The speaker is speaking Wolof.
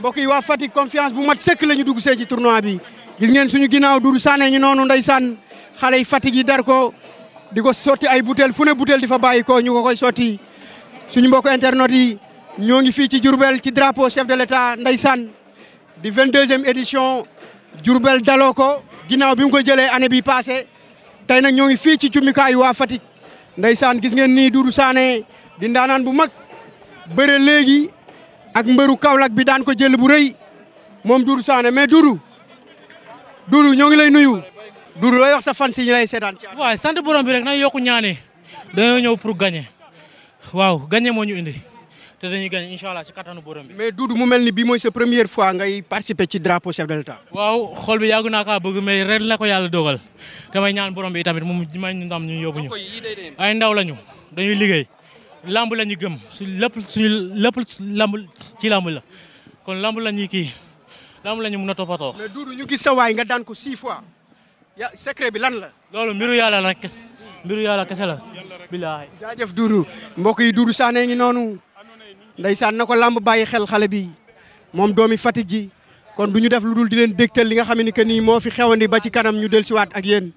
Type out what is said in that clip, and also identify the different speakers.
Speaker 1: mbokk yi waa Fatick confiance bu mat sëkk lañu dugg sé ci tournoi bi gis ngeen suñu ginaaw duru Sané ñi nonu ndaysan xalé yi Fatick dar ko di soti ay butéel fune ne difa di ko ñu ko koy soti suñu mbokk internet yi ñongi fi ci jurbel ci drapeau chef de l'État ndaysan di 22e édition jurbel daloko ko bi mu ko année bi passé tay nak ñongi fi ci ci cummikaayu wa Fatick ndaysan gis ngeen ni duru Sané di ndanan bu mak bëre ak mbëru Kaolack bi daan ko jël bu rëy moom Doudou saane mais Doudou Doudou ñoo ngi lay nuyu Doudou lay wax sa fan si ñu lay seetaan ci waaw sant borom bi rek nañ yokku ñaane dañoo ñëw pour gagner waaw gagner moo ñu indi
Speaker 2: te dañuy gagner incha allah ci kattanu
Speaker 1: borom bi mais Doudou mu mel ni bii mooy sa première fois ngay participer ci drapeau chef de l'État
Speaker 2: waaw xool bi yàggu naa kaa bëgg mais ren la ko yàlla dogal damay ñaan borom bi itamit moom may ñu ndam ñu yóbbu ñu ay ndaw lañu dañuy liggéey lamb lañu gëm su lépp suñu ci lamb la kon lamb la ñuy kii lamb la ñu mën a toppatoo.
Speaker 1: mais Doudou ñu gis sa waay nga daan ko six fois. ya secret bi lan la.
Speaker 2: loolu mbiru yàlla la rek
Speaker 1: mbiru yàlla kese la. bilaay jaajëf Doudou mbokk yi Doudou Sané ngi noonu. ndeysaan na ko lamb bàyyi xel xale bi moom doomi Fatick ji kon du ñu def lu dul di leen dégtal li nga xam ne que nii moo fi xewandi ba ci kanam ñu dellusiwaat ak yéen.